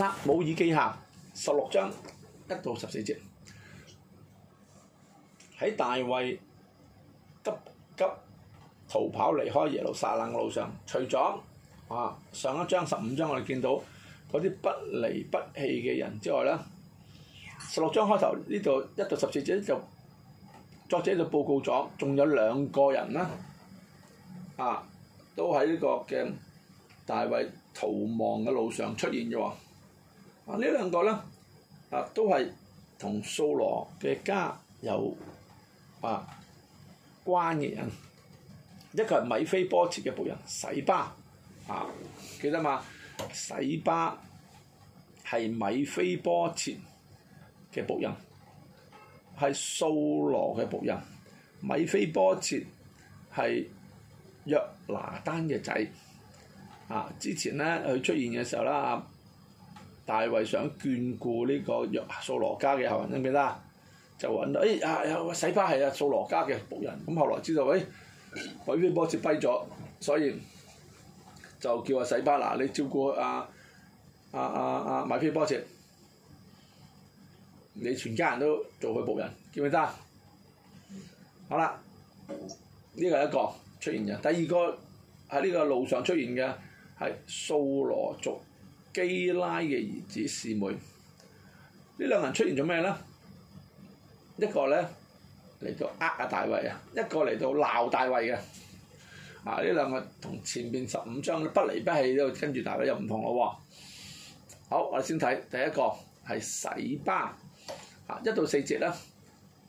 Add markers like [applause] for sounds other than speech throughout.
《撒母耳記下》十六章一到十四節，喺大衛急急逃跑離開耶路撒冷嘅路上，除咗啊上一章十五章我哋見到嗰啲不離不棄嘅人之外咧，十六章開頭呢度一到十四節就作者就報告咗，仲有兩個人啦，啊都喺呢個嘅大衛逃亡嘅路上出現嘅喎。嗱，呢兩個咧，啊都係同掃羅嘅家有啊關嘅人，一個係米非波設嘅僕人洗巴，啊記得嘛？洗巴係米非波設嘅僕人，係掃羅嘅僕人。米非波設係約拿單嘅仔，啊之前咧佢出現嘅時候啦。大衛想眷顧呢個約掃羅家嘅後人，你唔記得？就揾到，誒、哎、啊有洗巴係啊掃羅家嘅僕人，咁後來知道，誒米非波設跛咗，所以就叫阿洗巴嗱，你照顧阿阿阿阿米非波設，你全家人都做佢僕人，記唔記得？好啦，呢個係一個出現嘅。第二個喺呢個路上出現嘅係掃羅族。基拉嘅兒子示每呢兩個人出現咗咩咧？一個咧嚟到呃阿大衛啊，一個嚟到鬧大衛嘅，啊呢兩個同前邊十五章不離不棄呢個跟住大衛又唔同咯喎。好，我哋先睇第一個係洗巴，啊一到四節咧，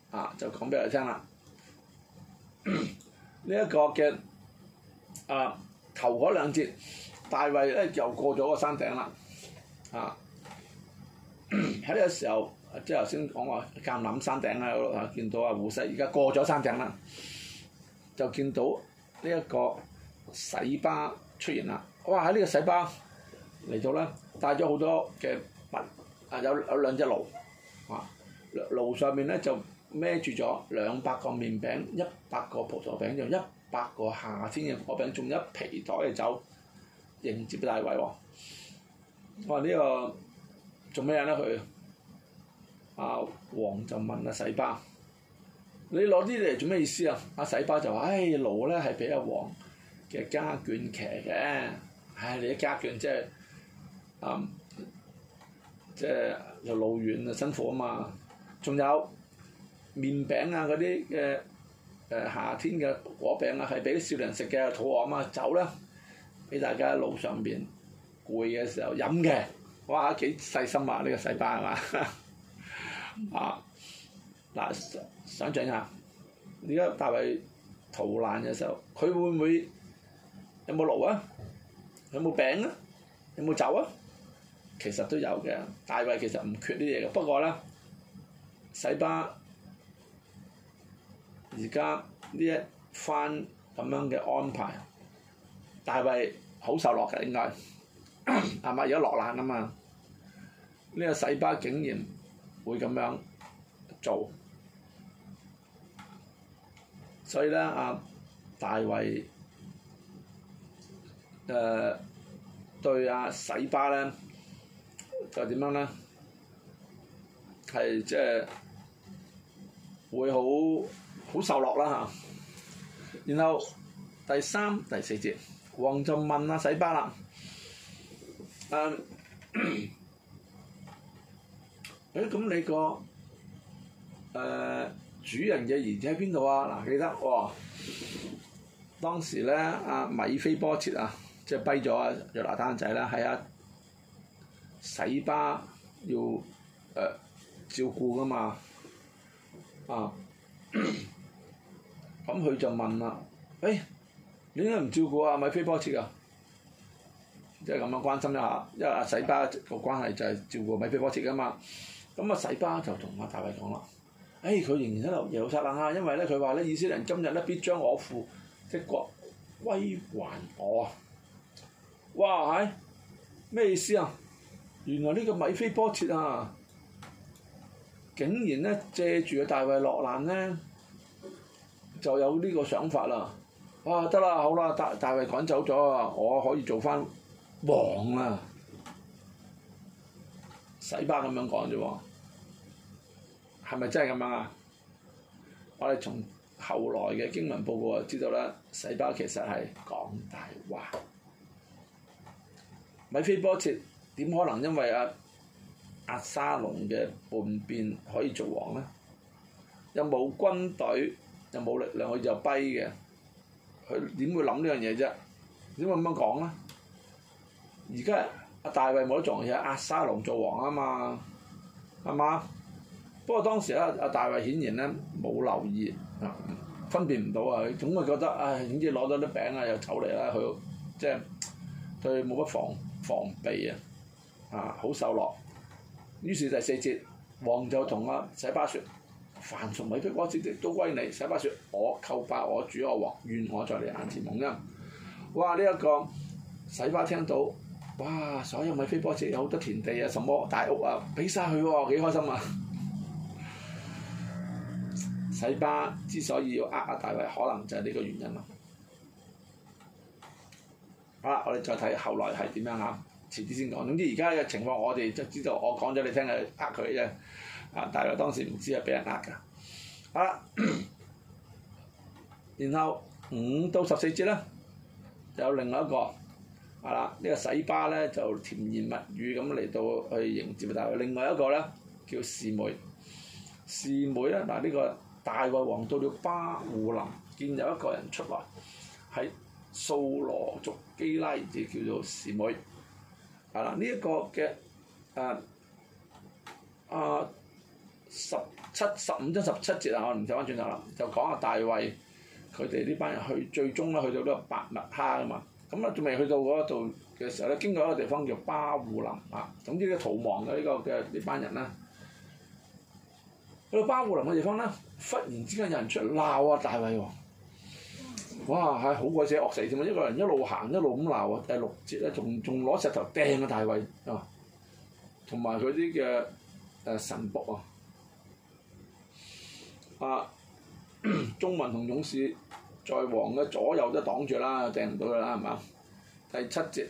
啊就講俾你聽啦。呢、啊、一、這個嘅啊頭嗰兩節。大衞咧又過咗個山頂啦，啊！喺呢 [coughs] 個時候，即係頭先講話橄欖山頂啦，啊，見到啊戶篩而家過咗山頂啦，就見到呢一個洗巴出現啦。哇！喺呢個洗巴嚟到咧，帶咗好多嘅物，啊有有，有兩隻驢，啊驢上面咧就孭住咗兩百個麵餅、一百個葡萄餅，仲一百個夏天嘅果餅，仲一皮袋嘅酒。迎接大衛喎、哦，可能呢個做咩啊？咧、這、佢、個，阿、啊、王就問阿、啊、洗巴：，你攞啲嚟做咩意思啊？阿、啊、洗巴就話：，唉、哎，驢咧係俾阿王嘅家眷騎嘅，唉、哎，你、這、啲、個、家眷即係，啊、嗯，即係又路遠啊，辛苦啊嘛。仲有麵餅啊，嗰啲嘅，誒、呃、夏天嘅果餅啊，係俾少人食嘅肚餓啊嘛，走啦。俾大家喺路上邊攰嘅時候飲嘅，哇幾細心啊！呢、呢個細巴係嘛 [laughs] 啊？嗱，想象下，而家大衞逃難嘅時候，佢會唔會有冇爐啊？有冇餅啊？有冇酒啊？其實都有嘅。大衞其實唔缺啲嘢嘅，不過咧，細巴而家呢一番咁樣嘅安排。大衞好受落嘅應該係嘛？而家 [coughs] 落難啊嘛，呢、這個洗巴竟然會咁樣做，所以咧阿、啊、大衞誒、呃、對阿、啊、洗巴咧就點樣咧？係即係會好好受落啦嚇。然後第三、第四節。王就問阿、啊、洗巴啦，誒、啊，誒咁你個誒主人嘅兒子喺邊度啊？嗱、啊，記得喎，當時咧阿、啊、米菲波切啊，即係跛咗阿約拿單仔啦，係阿、啊、洗巴要誒、啊、照顧噶嘛，啊，咁佢就問啦，誒、啊。你點解唔照顧啊，米菲波切噶，即係咁樣關心一下，因為阿洗巴個關係就係照顧米菲波切噶嘛，咁啊洗巴就同阿大衛講啦，誒、哎、佢仍然喺度耶路撒冷啊，因為咧佢話咧以色列人今日咧必將我父的國歸還我啊，哇係，咩意思啊？原來呢個米菲波切啊，竟然咧借住阿大衛落難咧，就有呢個想法啦。哇！得啦，好啦，大大衞趕走咗啊，我可以做翻王啦！洗巴咁樣講啫喎，係咪真係咁啊？我哋從後來嘅經文報告就知道啦，洗巴其實係講大話。米非波設點可能因為阿、啊、阿、啊、押沙龍嘅叛變可以做王呢？又冇軍隊，又冇力量，佢就跛嘅。佢點會諗呢樣嘢啫？點會咁樣講咧？而家阿大衞冇得撞嘢，押沙龍做王啊嘛，係嘛？不過當時咧，阿大衞顯然咧冇留意，啊，分辨唔到啊，佢總會覺得唉，點知攞到啲餅啊，又走嚟啦，佢即係對冇乜防防備啊，啊，好受落。於是第四節，王就同阿洗巴説。凡從米非波悉的都歸你，洗巴説：我叩拜我,我主我王，願我在你眼前蒙恩。哇！呢、這、一個洗巴聽到，哇！所有米非波悉有好多田地啊，什麼大屋啊，俾晒佢喎，幾開心啊！洗巴之所以要呃阿大衛，可能就係呢個原因啦。好啦，我哋再睇後來係點樣嚇？遲啲先講。總之而家嘅情況，我哋就知道，我講咗你聽係呃佢啫。啊！大衛當時唔知係俾人呃㗎。好、啊、然後五到十四節咧，有另外一個係啦，呢、啊這個洗巴咧就甜言蜜語咁嚟到去迎接大衛。另外一個咧叫士妹，士妹咧嗱呢、啊這個大衛王到咗巴胡林見有一個人出嚟，係掃羅族基拉，亦叫做士妹。係啦，呢一個嘅誒啊！這個十七十五章十七節啊！我唔睇翻轉頭啦，就講下大衛佢哋呢班人去最終咧，去到呢個白勒哈噶嘛。咁咧仲未去到嗰度嘅時候咧，經過一個地方叫巴護林啊。總之嘅逃亡嘅呢、這個嘅呢班人啦。去到巴護林嘅地方咧，忽然之間有人出嚟鬧啊！大衛喎，哇係好、哎、鬼死惡死添啊！一個人一路行一路咁鬧啊。第六節咧，仲仲攞石頭掟啊，啊！大衛同埋佢啲嘅誒神僕啊。啊！眾民同勇士在王嘅左右都擋住啦，掟唔到啦，係嘛？第七節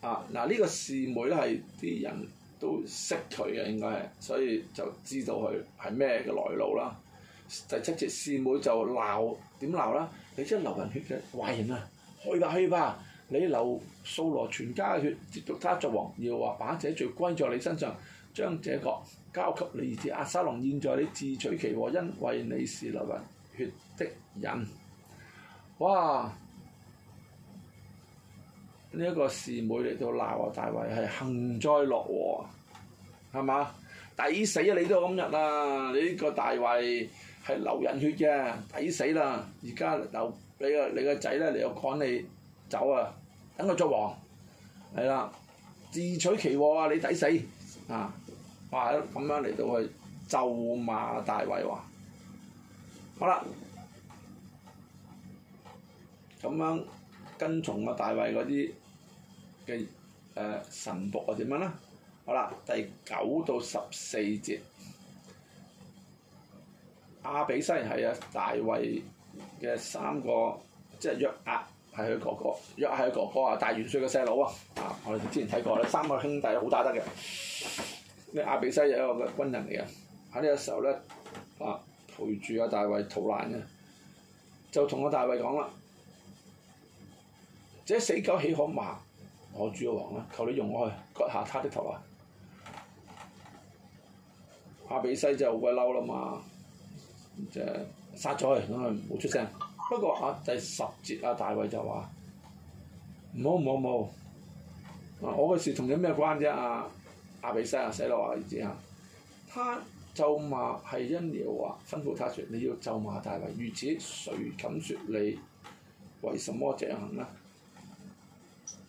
啊！嗱、啊，呢、這個示每咧係啲人都識佢嘅，應該係，所以就知道佢係咩嘅來路啦。第七節示每就鬧點鬧啦？你真係流人血嘅壞人啊！去吧，去吧，你流掃羅全家嘅血，接續他作王，耶和華把這罪歸在你身上，將這個。交給你，兒子押沙龍。現在你自取其禍，因為你是流人血的人。哇！呢、這、一個示每嚟到鬧我，大衛係幸災樂禍，係嘛？抵死啊！你都有今日啊！你呢個大衛係流人血嘅，抵死啦！而家流你個你個仔咧嚟到趕你走啊！等佢作王係啦，自取其禍啊！你抵死啊！咁、啊、樣嚟到去咒罵大衛話：好、啊、啦，咁樣跟從個、啊、大衛嗰啲嘅誒臣僕啊點樣啦？好啦，第九到十四節，亞、啊、比西係啊大衛嘅三個即係約押係佢哥哥，約押係佢哥哥啊大元帥嘅細佬啊！啊，我哋之前睇過啦，三個兄弟好打得嘅。阿比西就係一個軍人嚟啊，喺呢個時候咧，啊陪住阿大衛逃難嘅，就同阿大衛講啦，這死狗豈可罵我主嘅王啊！求你容我去割下他的頭啊！阿比西就好鬼嬲啦嘛，就殺咗佢，咁佢唔好出聲。不過啊，第十節阿大衛就話唔好唔好唔好，啊我嘅事同你咩關啫啊！亞比西亞洗魯雅：這樣，他咒罵係因耶和華吩咐他説：你要咒罵大衛，如此誰敢説你為什麼這樣行呢？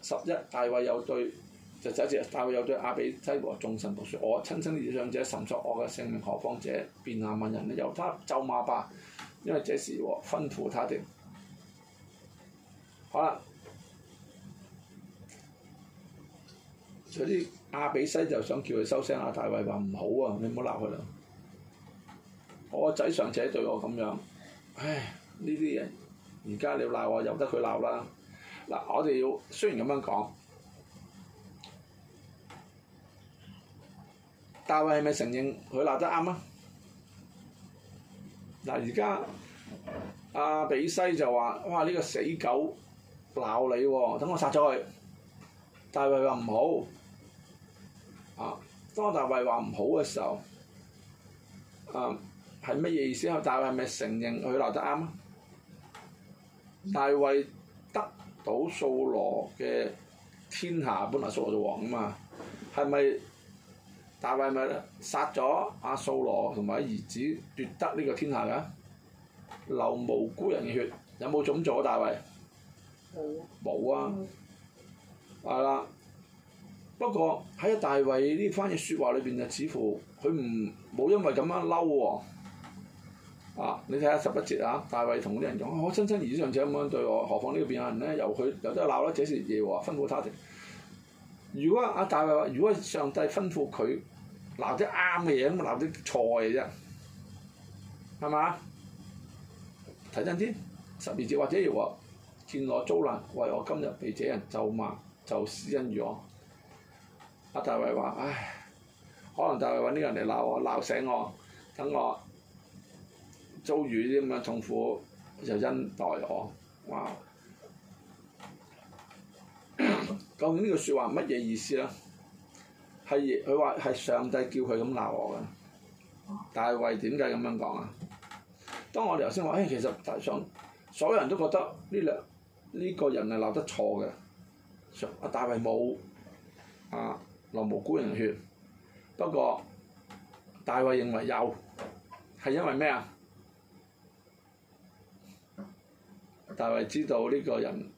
十一大衛又對，就有一隻大衛又對亞比篩和眾臣僕説：我親生的尚且，尋索我嘅性命何，何況者便雅憫人呢？由他咒罵吧，因為這是我吩咐他的。好啦，阿比西就想叫佢收聲，阿大衞話唔好啊，你唔好鬧佢啦。我個仔尚且對我咁樣，唉，呢啲人而家你要鬧我，由得佢鬧啦。嗱，我哋要雖然咁樣講，大衞係咪承認佢鬧得啱啊？嗱，而家阿比西就話：哇，呢個死狗鬧你喎，等我殺咗佢。大衞話唔好。啊！當大衛話唔好嘅時候，啊係乜嘢意思啊？大衛係咪承認佢鬧得啱啊？嗯、大衛得到掃羅嘅天下，本嚟掃羅就王啊嘛，係咪大衛係咪殺咗阿掃羅同埋兒子，奪得呢個天下㗎？流無辜人嘅血，有冇咁做啊？大衛冇、嗯、啊，係啦、嗯。不過喺大衛呢番嘅説話裏邊就似乎佢唔冇因為咁樣嬲喎、哦啊，你睇下十一節啊，大衛同啲人講：我親親兒子尚且咁樣對我，何況呢邊有人呢？由佢由得鬧啦！這是耶和華吩咐他哋：如果阿大衛話，如果上帝吩咐佢鬧啲啱嘅嘢，唔鬧啲錯嘅啫，係嘛？睇真啲，十二節或者耶和華：見我遭難，為我今日被這人咒罵、就施恩於我。阿大衛話，唉，可能大衛搵呢啲人嚟鬧我，鬧醒我，等我遭遇啲咁嘅痛苦，就恩待我。哇！ [coughs] 究竟呢句説話乜嘢意思咧？係佢話係上帝叫佢咁鬧我嘅。大衛點解咁樣講啊？當我哋頭先話，誒，其實想，所有人都覺得呢兩呢個人係鬧得錯嘅。阿大衛冇啊？流無辜人血，不過大衛認為有，係因為咩啊？大衛知道呢個人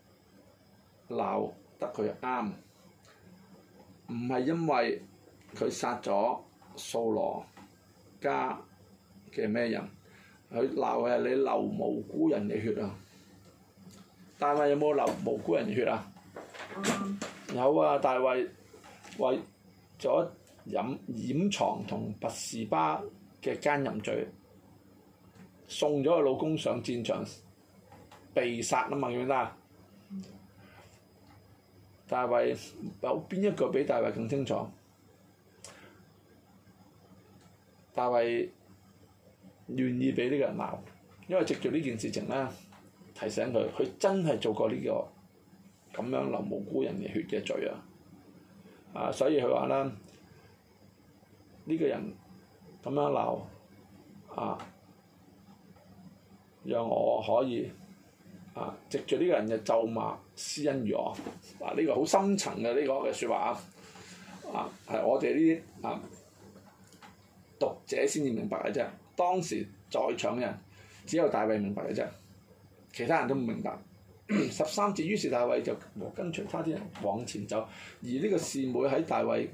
鬧得佢啱，唔係因為佢殺咗掃羅家嘅咩人，佢鬧嘅係你流無辜人嘅血啊！大衛有冇流無辜人血啊？有啊，大衛。為咗掩掩藏同拔士巴嘅奸淫罪，送咗個老公上戰場被殺啊嘛，記得？大衛有邊一句比大衛更清楚？大衛願意俾呢個人鬧，因為藉著呢件事情咧，提醒佢，佢真係做過呢個咁樣流無辜人嘅血嘅罪啊！啊，所以佢話咧，呢、呢個人咁樣鬧，啊，讓我可以啊藉著呢個人嘅咒罵，施恩與我，嗱呢個好深層嘅呢個嘅説話啊，這個這個、話啊係我哋呢啲啊讀者先至明白嘅啫，當時在場嘅人只有大衛明白嘅啫，其他人都唔明白。 [noise] 十三節，於是大衛就和跟隨他啲人往前走，而呢個示每喺大衛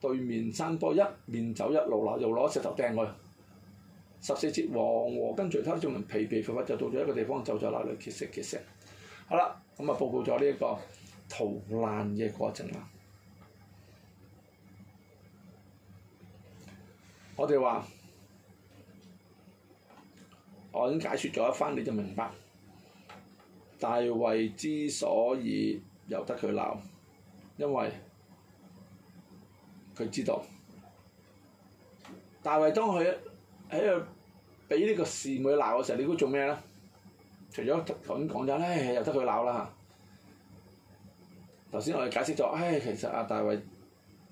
對面山坡，一面走，一路罵，又攞石頭掟佢。十四節，王和，和跟隨他啲眾人疲疲乏乏就到咗一個地方，就在那裡歇息歇息。好啦，咁啊報告咗呢一個逃難嘅過程啦。我哋話我已經解説咗一番，你就明白。大衞之所以由得佢鬧，因為佢知道。大衞當佢喺度俾呢個示每鬧嘅時候，你估做咩咧？除咗頭先講咗，唉、哎，由得佢鬧啦嚇。頭先我哋解釋咗，唉、哎，其實阿大衞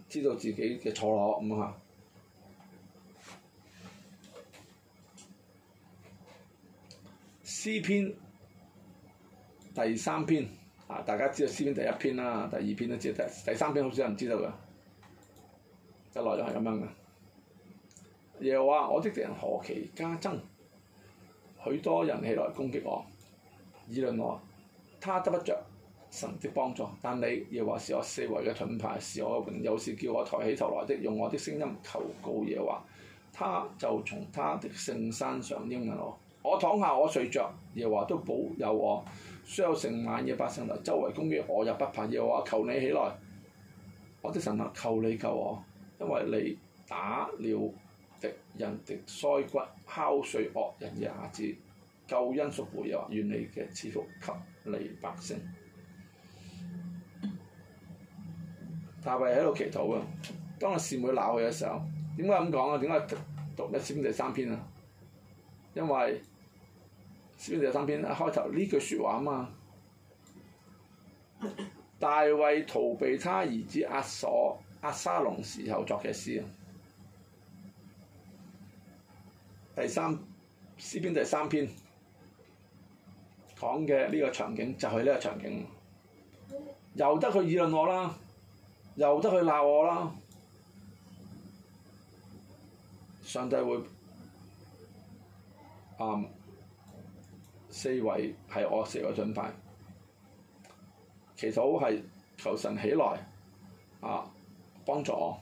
知道自己嘅錯落。咁嚇。詩篇。第三篇啊，大家知道詩篇第一篇啦、第二篇都知，第三篇好少人知道㗎。嘅內容係咁樣嘅，耶和華，我的敵人何其加增，許多人起來攻擊我，議論我，他得不着神的幫助。但你，耶和華是我四圍嘅盾牌，是我嘅榮耀，又是叫我抬起頭來的，用我的聲音求告耶和華，他就從他的聖山上應允我。我躺下我睡着，耶和華都保佑我。雖有成萬嘅百姓嚟，周圍攻擊我又不怕，要我求你起來，我的神啊，求你救我，因為你打了敵人的腮骨，敲碎惡人嘅牙齒，救恩屬乎。又話願你嘅賜福給你百姓。大衛喺度祈禱啊，當阿示每鬧佢嘅時候，點解咁講啊？點解讀一先第三篇啊？因為詩篇第三篇一開頭呢句説話啊嘛，大衛逃避他兒子押所、押沙龍時候作嘅詩啊。第三詩篇第三篇講嘅呢個場景就係、是、呢個場景，由得佢議論我啦，由得佢鬧我啦，上帝會啊！嗯四圍係惡勢嘅進犯，祈禱係求神起來，啊幫助我，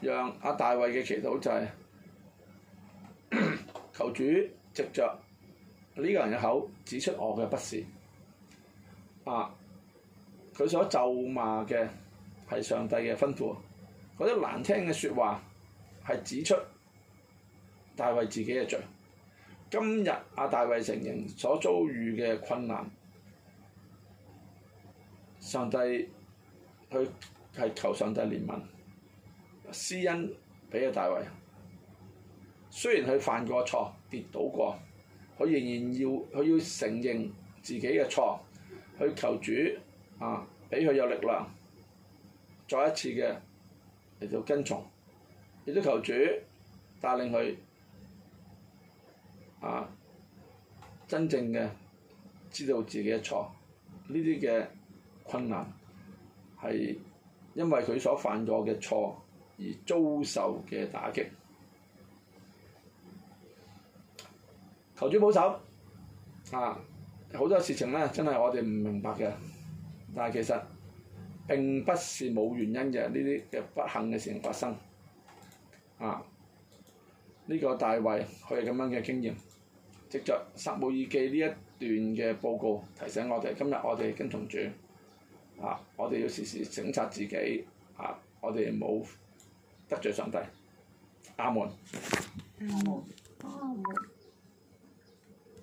讓阿大衛嘅祈禱就係、是、 [coughs] 求主藉着呢個人嘅口指出我嘅不是，啊佢所咒罵嘅係上帝嘅吩咐，嗰啲難聽嘅説話係指出大衛自己嘅罪。今日阿大衛承認所遭遇嘅困難，上帝佢係求上帝憐憫，施恩俾阿大衛。雖然佢犯過錯，跌倒過，佢仍然要佢要承認自己嘅錯，去求主啊俾佢有力量，再一次嘅嚟到跟從，亦都求主帶領佢。啊！真正嘅知道自己嘅錯，呢啲嘅困難係因為佢所犯咗嘅錯而遭受嘅打擊。求主保守啊！好多事情咧，真係我哋唔明白嘅，但係其實並不是冇原因嘅呢啲嘅不幸嘅事情發生。啊！呢、這個大衞佢係咁樣嘅經驗。藉着撒母耳記呢一段嘅報告，提醒我哋今日我哋跟從主，啊，我哋要時時省察自己，啊，我哋冇得罪上帝，阿門。阿門、嗯。嗯